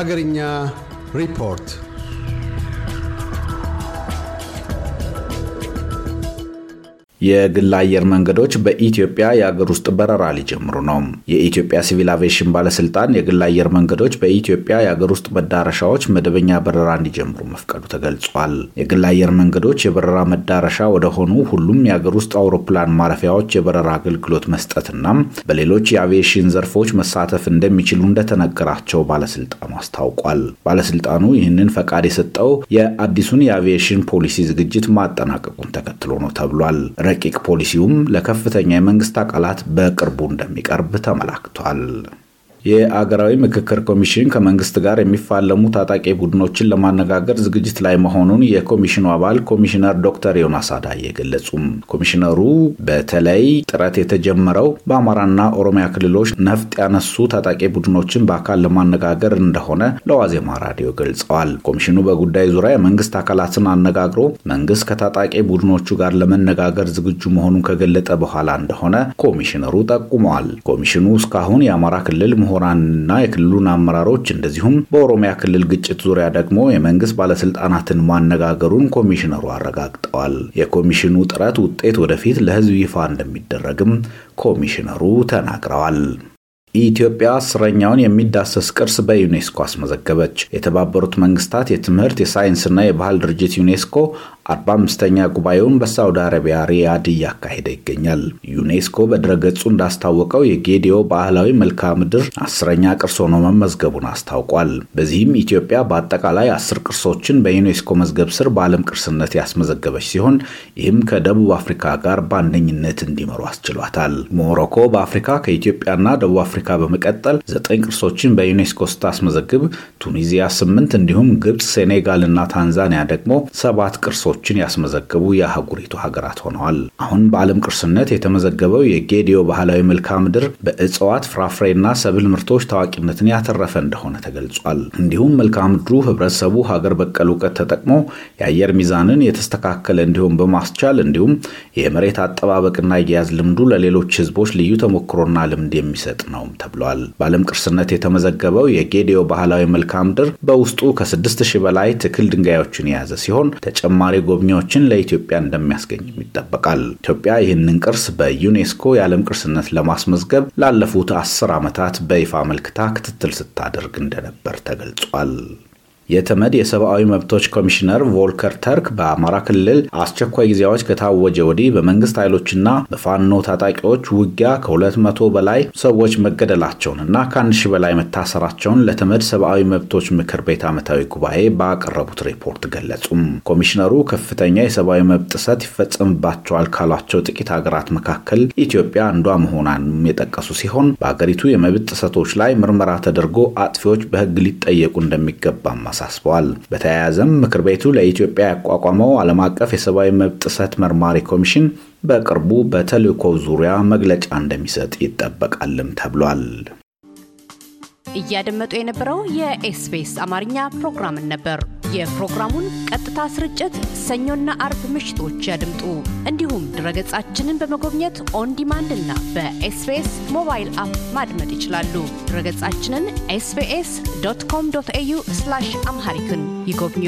ሀገርኛ ሪፖርት የግል አየር መንገዶች በኢትዮጵያ የአገር ውስጥ በረራ ሊጀምሩ ነው። የኢትዮጵያ ሲቪል አቪዬሽን ባለስልጣን የግል አየር መንገዶች በኢትዮጵያ የአገር ውስጥ መዳረሻዎች መደበኛ በረራ እንዲጀምሩ መፍቀዱ ተገልጿል። የግል አየር መንገዶች የበረራ መዳረሻ ወደ ሆኑ ሁሉም የአገር ውስጥ አውሮፕላን ማረፊያዎች የበረራ አገልግሎት መስጠትና በሌሎች የአቪዬሽን ዘርፎች መሳተፍ እንደሚችሉ እንደተነገራቸው ባለስልጣኑ አስታውቋል። ባለስልጣኑ ይህንን ፈቃድ የሰጠው የአዲሱን የአቪዬሽን ፖሊሲ ዝግጅት ማጠናቀቁን ተከትሎ ነው ተብሏል። ረቂቅ ፖሊሲውም ለከፍተኛ የመንግስት አካላት በቅርቡ እንደሚቀርብ ተመላክቷል። የአገራዊ ምክክር ኮሚሽን ከመንግስት ጋር የሚፋለሙ ታጣቂ ቡድኖችን ለማነጋገር ዝግጅት ላይ መሆኑን የኮሚሽኑ አባል ኮሚሽነር ዶክተር ዮናስ አዳዬ ገለጹም። ኮሚሽነሩ በተለይ ጥረት የተጀመረው በአማራና ኦሮሚያ ክልሎች ነፍጥ ያነሱ ታጣቂ ቡድኖችን በአካል ለማነጋገር እንደሆነ ለዋዜማ ራዲዮ ገልጸዋል። ኮሚሽኑ በጉዳይ ዙሪያ የመንግስት አካላትን አነጋግሮ መንግስት ከታጣቂ ቡድኖቹ ጋር ለመነጋገር ዝግጁ መሆኑን ከገለጠ በኋላ እንደሆነ ኮሚሽነሩ ጠቁመዋል። ኮሚሽኑ እስካሁን የአማራ ክልል ምሁራንና የክልሉን አመራሮች እንደዚሁም በኦሮሚያ ክልል ግጭት ዙሪያ ደግሞ የመንግስት ባለስልጣናትን ማነጋገሩን ኮሚሽነሩ አረጋግጠዋል። የኮሚሽኑ ጥረት ውጤት ወደፊት ለህዝብ ይፋ እንደሚደረግም ኮሚሽነሩ ተናግረዋል። ኢትዮጵያ አስረኛውን የሚዳሰስ ቅርስ በዩኔስኮ አስመዘገበች። የተባበሩት መንግስታት የትምህርት የሳይንስና የባህል ድርጅት ዩኔስኮ 45ኛ ጉባኤውን በሳውዲ አረቢያ ሪያድ እያካሄደ ይገኛል። ዩኔስኮ በድረገጹ እንዳስታወቀው የጌዲዮ ባህላዊ መልክዓ ምድር አስረኛ ቅርስ ሆኖ መመዝገቡን አስታውቋል። በዚህም ኢትዮጵያ በአጠቃላይ አስር ቅርሶችን በዩኔስኮ መዝገብ ስር በዓለም ቅርስነት ያስመዘገበች ሲሆን ይህም ከደቡብ አፍሪካ ጋር በአንደኝነት እንዲመሩ አስችሏታል። ሞሮኮ በአፍሪካ ከኢትዮጵያና ደቡብ አፍሪካ በመቀጠል ዘጠኝ ቅርሶችን በዩኔስኮ ስታስመዘግብ ቱኒዚያ ስምንት እንዲሁም ግብፅ፣ ሴኔጋል እና ታንዛኒያ ደግሞ ሰባት ቅርሶች ውጤቶችን ያስመዘገቡ የአህጉሪቱ ሀገራት ሆነዋል። አሁን በዓለም ቅርስነት የተመዘገበው የጌዲዮ ባህላዊ መልክዓ ምድር በእጽዋት ፍራፍሬና ሰብል ምርቶች ታዋቂነትን ያተረፈ እንደሆነ ተገልጿል። እንዲሁም መልክዓ ምድሩ ህብረተሰቡ ሀገር በቀል እውቀት ተጠቅሞ የአየር ሚዛንን የተስተካከለ እንዲሆን በማስቻል እንዲሁም የመሬት አጠባበቅና አያያዝ ልምዱ ለሌሎች ህዝቦች ልዩ ተሞክሮና ልምድ የሚሰጥ ነው ተብሏል። በዓለም ቅርስነት የተመዘገበው የጌዲዮ ባህላዊ መልክዓ ምድር በውስጡ ከ6000 በላይ ትክል ድንጋዮችን የያዘ ሲሆን ተጨማሪ ጎብኚዎችን ለኢትዮጵያ እንደሚያስገኝም ይጠበቃል። ኢትዮጵያ ይህንን ቅርስ በዩኔስኮ የዓለም ቅርስነት ለማስመዝገብ ላለፉት አስር ዓመታት በይፋ መልክታ ክትትል ስታደርግ እንደነበር ተገልጿል። የተመድ የሰብአዊ መብቶች ኮሚሽነር ቮልከር ተርክ በአማራ ክልል አስቸኳይ ጊዜያዎች ከታወጀ ወዲህ በመንግስት ኃይሎችና በፋኖ ታጣቂዎች ውጊያ ከሁለት መቶ በላይ ሰዎች መገደላቸውንና ከአንድ ሺህ በላይ መታሰራቸውን ለተመድ ሰብአዊ መብቶች ምክር ቤት ዓመታዊ ጉባኤ ባቀረቡት ሪፖርት ገለጹም። ኮሚሽነሩ ከፍተኛ የሰብአዊ መብት ጥሰት ይፈጸምባቸዋል ካሏቸው ጥቂት ሀገራት መካከል ኢትዮጵያ አንዷ መሆኗንም የጠቀሱ ሲሆን በሀገሪቱ የመብት ጥሰቶች ላይ ምርመራ ተደርጎ አጥፊዎች በሕግ ሊጠየቁ እንደሚገባም አሳስበዋል። በተያያዘም ምክር ቤቱ ለኢትዮጵያ ያቋቋመው ዓለም አቀፍ የሰብአዊ መብት ጥሰት መርማሪ ኮሚሽን በቅርቡ በተልእኮ ዙሪያ መግለጫ እንደሚሰጥ ይጠበቃልም ተብሏል። እያደመጡ የነበረው የኤስቢኤስ አማርኛ ፕሮግራምን ነበር። የፕሮግራሙን ቀጥታ ስርጭት ሰኞና አርብ ምሽቶች ያድምጡ። እንዲሁም ድረገጻችንን በመጎብኘት ኦን እና በኤስቢኤስ ሞባይል አፕ ማድመጥ ይችላሉ። ድረገጻችንን ኤስቢኤስ ዶት ኮም ዶት ኤዩ አምሃሪክን ይጎብኙ።